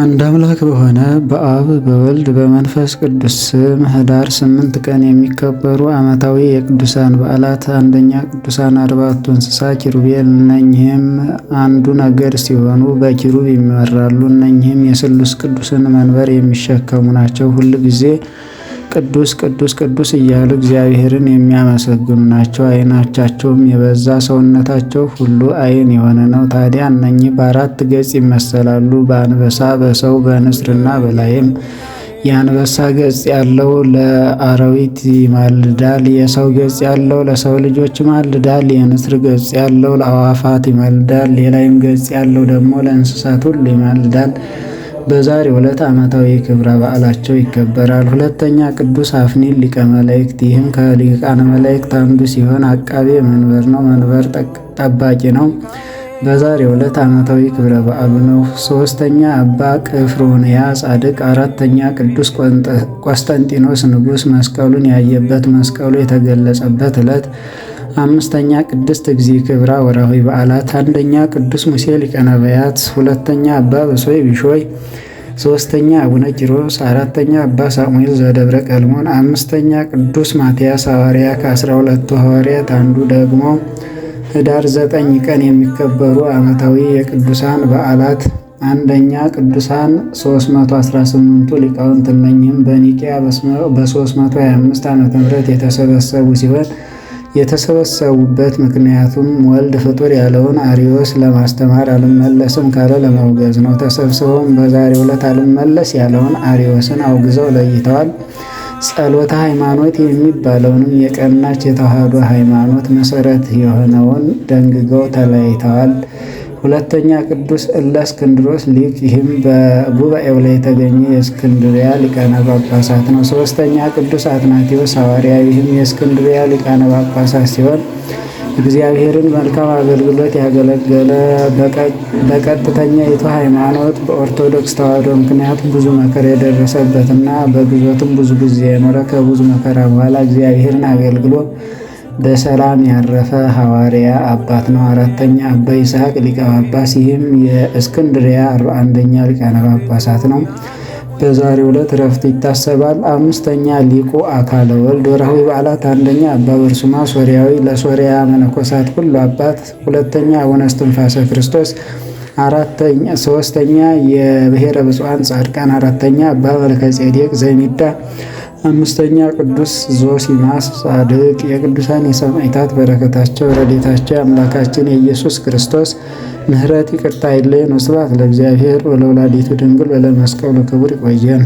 አንድ አምላክ በሆነ በአብ በወልድ በመንፈስ ቅዱስ ስም ህዳር ስምንት ቀን የሚከበሩ ዓመታዊ የቅዱሳን በዓላት፣ አንደኛ ቅዱሳን አርባቱ እንስሳ ኪሩቤል። እነኚህም አንዱ ነገድ ሲሆኑ በኪሩብ ይመራሉ። እነኚህም የስሉስ ቅዱስን መንበር የሚሸከሙ ናቸው። ሁል ጊዜ ቅዱስ ቅዱስ ቅዱስ እያሉ እግዚአብሔርን የሚያመሰግኑ ናቸው። አይናቻቸውም የበዛ ሰውነታቸው ሁሉ ዓይን የሆነ ነው። ታዲያ እነኚህ በአራት ገጽ ይመሰላሉ፣ በአንበሳ በሰው በንስርና በላይም። የአንበሳ ገጽ ያለው ለአረዊት ይማልዳል፣ የሰው ገጽ ያለው ለሰው ልጆች ይማልዳል፣ የንስር ገጽ ያለው ለአዋፋት ይማልዳል፣ የላይም ገጽ ያለው ደግሞ ለእንስሳት ሁሉ ይማልዳል። በዛሬ ዕለት ዓመታዊ ክብረ በዓላቸው ይከበራል። ሁለተኛ ቅዱስ አፍኒን ሊቀ መላእክት። ይህም ከሊቃነ መላእክት አንዱ ሲሆን አቃቤ መንበር ነው። መንበር ጠባቂ ነው። በዛሬ ዕለት ዓመታዊ ክብረ በዓሉ ነው። ሶስተኛ አባ ቅፍሮንያ ጻድቅ። አራተኛ ቅዱስ ቆስጠንጢኖስ ንጉሥ መስቀሉን ያየበት መስቀሉ የተገለጸበት ዕለት አምስተኛ ቅድስት እግዚእ ክብራ ወርኃዊ በዓላት፣ አንደኛ ቅዱስ ሙሴ ሊቀ ነቢያት፣ ሁለተኛ አባ ብሶይ ቢሾይ፣ ሶስተኛ አቡነ ኪሮስ፣ አራተኛ አባ ሳሙኤል ዘደብረ ቀልሞን፣ አምስተኛ ቅዱስ ማትያስ ሐዋርያ ከአስራ ሁለቱ ሐዋርያት አንዱ ደግሞ ህዳር ዘጠኝ ቀን የሚከበሩ ዓመታዊ የቅዱሳን በዓላት አንደኛ ቅዱሳን 318ቱ ሊቃውንት እነኝህም በኒቅያ በ325 ዓ ም የተሰበሰቡ ሲሆን የተሰበሰቡበት ምክንያቱም ወልድ ፍጡር ያለውን አሪዮስ ለማስተማር አልመለስም ካለ ለመውገዝ ነው። ተሰብስበውም በዛሬው ዕለት አልመለስ ያለውን አሪዮስን አውግዘው ለይተዋል። ጸሎተ ሃይማኖት የሚባለውንም የቀናች የተዋህዶ ሃይማኖት መሰረት የሆነውን ደንግገው ተለይተዋል። ሁለተኛ ቅዱስ እለእስክንድሮስ ሊቅ፣ ይህም በጉባኤው ላይ የተገኘ የእስክንድሪያ ሊቃነ ጳጳሳት ነው። ሶስተኛ ቅዱስ አትናቴዎስ ሐዋርያ፣ ይህም የእስክንድሪያ ሊቃነ ጳጳሳት ሲሆን እግዚአብሔርን መልካም አገልግሎት ያገለገለ በቀጥተኛይቱ ሃይማኖት በኦርቶዶክስ ተዋሕዶ ምክንያት ብዙ መከራ የደረሰበትና በግዞትም ብዙ ጊዜ የኖረ ከብዙ መከራ በኋላ እግዚአብሔርን አገልግሎ በሰላም ያረፈ ሐዋርያ አባት ነው። አራተኛ አባ ይስሐቅ ሊቀ ጳጳስ፣ ይህም የእስክንድሪያ አርባ አንደኛ ሊቃነ ጳጳሳት ነው። በዛሬ ዕለት ረፍት ይታሰባል። አምስተኛ ሊቁ አካለ ወልድ። ወርሃዊ በዓላት አንደኛ አባ በርሱማ ሶሪያዊ ለሶሪያ መነኮሳት ሁሉ አባት፣ ሁለተኛ አቡነ እስትንፋሰ ክርስቶስ ሶስተኛ የብሔረ ብፁዓን ጻድቃን፣ አራተኛ አባ መልከ ዘሚዳ አምስተኛ ቅዱስ ዞሲማስ ጻድቅ። የቅዱሳን የሰማዕታት በረከታቸው ረድኤታቸው የአምላካችን የኢየሱስ ክርስቶስ ምሕረት ይቅርታ አይለየን። ወስብሐት ለእግዚአብሔር ወለወላዲቱ ድንግል ወለመስቀሉ ክቡር። ይቆየን።